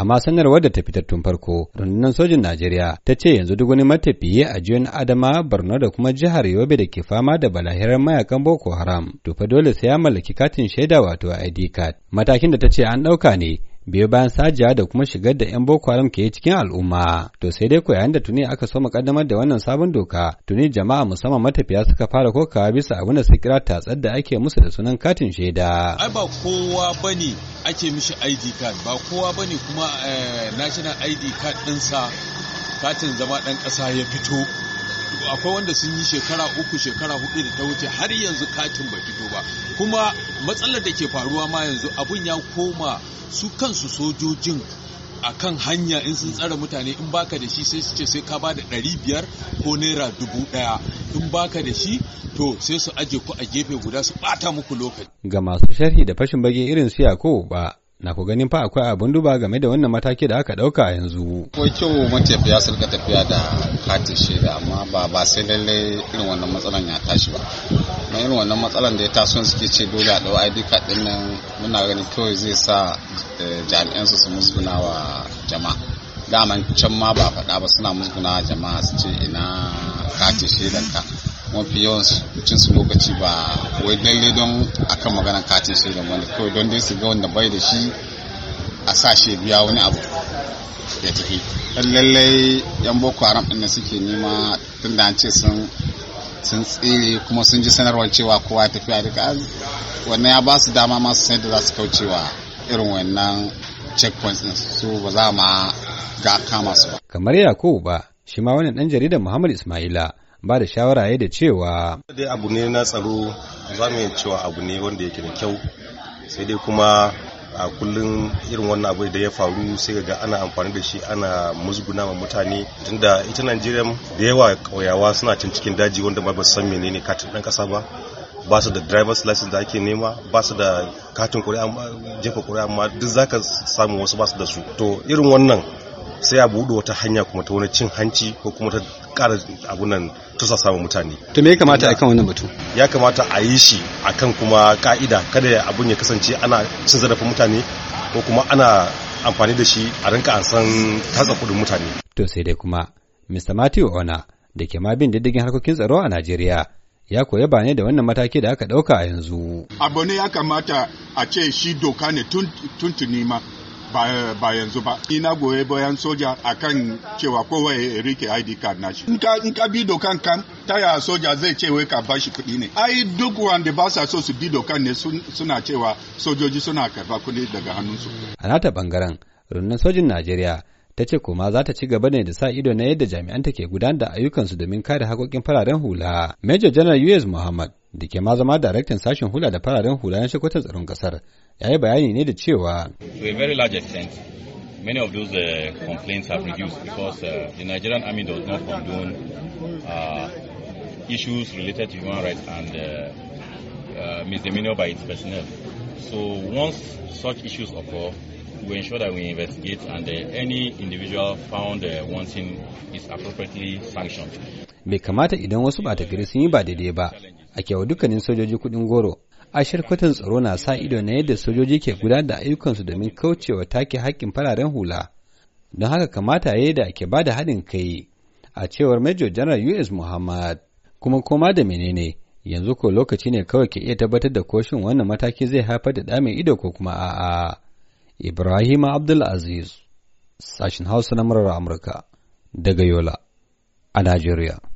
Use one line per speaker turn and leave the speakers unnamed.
amma sanarwar da ta fitar tun farko rundunar sojin najeriya ta ce yanzu duk wani matafiye a jiyon adama borno da kuma jihar yobe da ke fama da balahirar mayakan boko haram to fa dole sai ya mallaki katin shaida wato id card matakin da ta ce an ɗauka ne biyo bayan sajiya da kuma shigar da 'yan Boko Haram ke cikin al'umma. To sai dai ko yayin da tuni aka so kaddamar da wannan sabon doka, tuni jama'a musamman matafiya suka fara kokawa bisa abin da suka kira tatsar da ake musu da sunan katin shaida. Ai
ba kowa bane ake mishi ID card, ba kowa bane kuma eh, national ID card ɗinsa katin zama ɗan ƙasa ya fito. akwai wanda sun yi shekara uku shekara hudu da ta wuce har yanzu katin bai fito ba kuma matsalar da ke faruwa ma yanzu abun ya koma su kansu sojojin a kan hanya in sun tsara mutane in baka da shi sai su ce sai ka ba da ɗari biyar ko naira dubu ɗaya in baka da shi to sai su aje ku a gefe guda su ɓata muku
lokaci. ga masu sharhi da fashin bage irin su ko ba na ku ganin fa akwai abin duba game da wannan mataki da aka dauka yanzu.
Akwai kyau matafiya su tafiya da katin shaida amma ba ba sai lallai irin wannan matsalan ya tashi ba. Na irin wannan matsalan da ya taso suke ce dole a dau ID card din nan muna ganin kawai zai sa eh, jami'an su su musguna wa jama'a. Daman can ma ba faɗa ba suna musguna wa jama'a su ce ina katin shaidanka. mafi yawan cin su lokaci ba wai lalle don akan magana katin da wani kawai don dai su ga wanda bai da shi a sa shi biya wani abu ya tafi lallai yan boko haram din suke nema tun da an ce sun sun tsere kuma sun ji sanarwar cewa kowa ya tafi a duka wannan ya ba su dama masu sanar da za su kaucewa irin wannan checkpoints din su ba za ma ga kama su ba
kamar yakubu ba shi ma wani dan jaridar muhammad ismaila ba da shawara ya da cewa
dai abu ne na tsaro za mu cewa abu ne wanda yake da kyau sai dai kuma a kullum irin wannan abu da ya faru sai ga ana amfani da shi ana musguna ma mutane tunda ita Najeriya da yawa kauyawa suna can cikin daji wanda ba san menene katin dan kasa ba ba su da driver's license da ake nema ba su da katin kuri'a jefa kuri'a ma duk zaka samu wasu ba su da su to irin wannan sai a buɗe wata hanya kuma ta wani cin hanci ko kuma ta ƙara abunan tusa samun mutane. To me ya kamata a kan wannan batu? Ya kamata a yi shi a kan kuma ka'ida kada abun ya kasance ana cin zarafin mutane ko kuma ana amfani da shi
a rinka an san tatsa kuɗin mutane. To sai dai kuma Mr. Matthew Ona da ke ma bin diddigin harkokin tsaro a Najeriya ya koya ba ne da wannan mataki da aka ɗauka a yanzu.
Abu ne ya kamata a ce shi doka ne tuntuni ma ba yanzu ba ina goye bayan soja akan cewa kowa ya rike ID card na shi. in ka bi dokan kan taya soja zai ce wai ka bashi kuɗi ne ai duk wanda ba sa so su bi dokan ne suna cewa sojoji suna karɓa kuɗi daga hannunsu
a nata bangaren rundunar sojin Najeriya ta ce kuma za ta ci gaba ne da sa ido na yadda jami'an take ke gudanar da ayyukansu domin kare hakokin fararen hula. Major General U.S. Muhammad da ke ma zama daraktan sashen hula da fararen hula na shakwatar tsaron kasar ya yi bayani ne da cewa
to a very large extent many of those uh, complaints have reduced because uh, the Nigerian army does not condone uh, issues related to human rights and uh, uh, misdemeanor by its personnel. So once such issues occur, we ensure that we investigate and uh, any individual found wanting is appropriately sanctioned.
Bai kamata idan wasu ba ta gari sun yi ba daidai ba, a kyau dukkanin sojoji kudin goro a shirkwatan tsaro na sa ido na yadda sojoji ke gudanar da ayyukansu domin kaucewa take hakkin fararen hula don haka kamata ya da ke bada da haɗin kai a cewar major general us muhammad kuma koma da menene yanzu ko lokaci ne kawai ke iya tabbatar da koshin wannan mataki zai haifar da damin ido ko kuma a'a ibrahim abdul aziz sashen hausa na murar amurka daga yola a najeriya